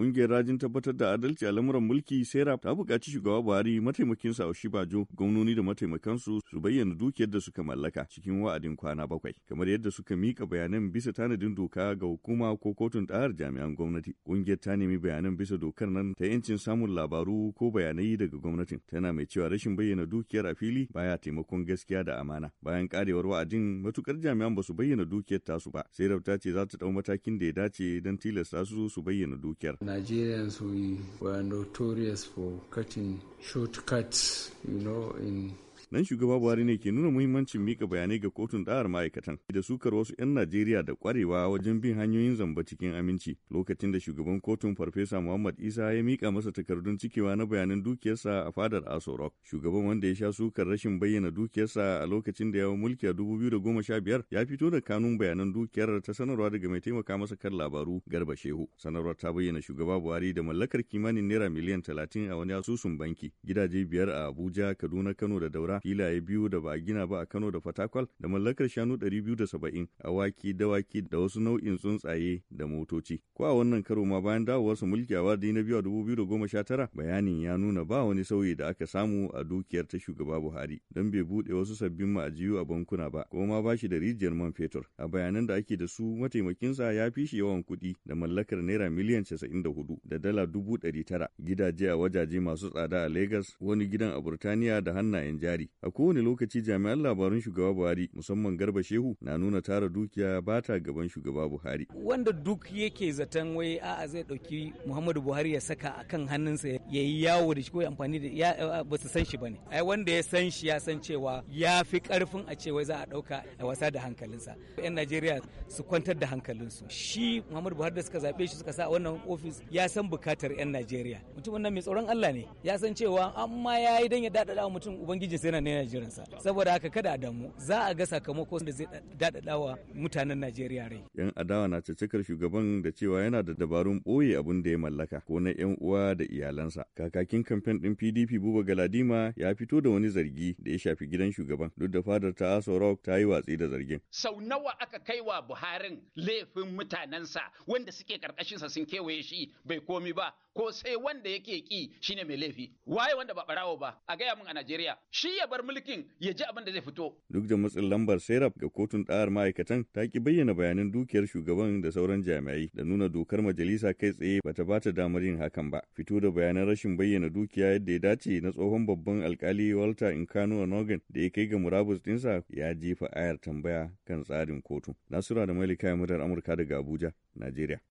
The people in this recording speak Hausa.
Ƙungiyar rajin tabbatar da adalci a lamuran mulki Sera ta buƙaci shugaba Buhari mataimakin mataimakinsa bajo gwamnoni da mataimakansu su bayyana dukiyar da suka mallaka cikin wa'adin kwana bakwai kamar yadda suka mika bayanan bisa tanadin doka ga hukuma ko kotun ɗahar jami'an gwamnati. Ƙungiyar ta nemi bayanan bisa dokar nan ta yancin samun labaru ko bayanai daga gwamnatin tana mai cewa rashin bayyana dukiyar a fili baya taimakon gaskiya da amana. Bayan karewar wa'adin matukar jami'an ba su bayyana dukiyar tasu ba. Sera ta ce za ta ɗau matakin da ya dace don tilasta su su bayyana dukiyar. Nigerians, we were notorious for cutting shortcuts, you know, in nan shugaba buhari ne ke nuna muhimmancin mika bayanai ga kotun ɗa'ar ma'aikatan da sukar wasu 'yan najeriya da kwarewa wajen bin hanyoyin zamba cikin aminci lokacin da shugaban kotun farfesa muhammad isa ya mika masa takardun cikewa na bayanan dukiyarsa a fadar aso rock shugaban wanda ya sha sukar rashin bayyana dukiyarsa a lokacin da ya mulki a biyar ya fito da kanun bayanan dukiyar ta sanarwa daga mai taimaka masa kan labaru garba shehu sanarwar ta bayyana shugaba buhari da mallakar kimanin naira miliyan talatin a wani asusun banki gidaje biyar a abuja kaduna kano da daura filaye biyu da ba gina ba a Kano da Fatakwal, da mallakar shanu 270, a dawaki da da wasu nau'in tsuntsaye da motoci. Ko a wannan karo ma bayan dawowarsu mulki a wadi na biyu a 2019, bayanin ya nuna ba wani sauyi da aka samu a dukiyar ta shugaba Buhari, don bai buɗe wasu sabbin ma'ajiyu a bankuna ba, kuma ma bashi da rijiyar man fetur. A bayanan da ake da su mataimakinsa ya fi shi yawan kuɗi da mallakar naira miliyan 94 da dala dubu 900 gidaje a wajaje masu tsada a Legas, wani gidan a Burtaniya da hannayen jari. A kowane lokaci jami'an labarun shugaba Buhari musamman Garba Shehu na nuna tara dukiya ba ta gaban shugaba Buhari. Wanda duk yake zaton wai a'a zai ɗauki Muhammadu Buhari ya saka a kan hannunsa ya yi yawo da shi ko amfani da ya ba su san shi ba ne. Ai wanda ya san shi ya san cewa ya fi ƙarfin a cewa za a ɗauka a wasa da hankalinsa. 'Yan Najeriya su kwantar da hankalinsu. Shi Muhammadu Buhari da suka zabe shi suka sa wannan ofis ya san bukatar 'yan Najeriya. Mutumin nan mai tsoron Allah ne. Ya san cewa amma ya yi don ya daɗaɗa mutum Ubangiji sai mutanen Najeriya sa saboda haka kada damu za a ga sakamako da zai dadadawa mutanen Najeriya rai yan adawa na cacikar shugaban da cewa yana da dabarun boye abun da ya mallaka ko na yan uwa da iyalansa kakakin kamfen din PDP Buba Galadima ya fito da wani zargi da ya shafi gidan shugaban duk da fadar ta Aso Rock ta yi watsi da zargin sau nawa aka kai wa Buharin laifin mutanensa wanda suke karkashin sa sun kewaye shi bai komi ba ko sai wanda yake ki shine mai laifi waye wanda ba barawo ba a gaya mun a Najeriya shi ya bar mulkin ya ji abin da zai fito. Duk da matsin lambar Serap ga kotun ɗa'ar ma'aikatan ta ki bayyana bayanan dukiyar shugaban da sauran jami'ai da nuna dokar majalisa kai tsaye bata bata damar yin hakan ba. Fito da bayanan rashin bayyana dukiya yadda ya dace na tsohon babban alkali Walter Nkanu Onogan da ya kai ga murabus ɗinsa ya jefa ayar tambaya kan tsarin kotu. Nasura da Malika Yamurar Amurka daga Abuja, Najeriya.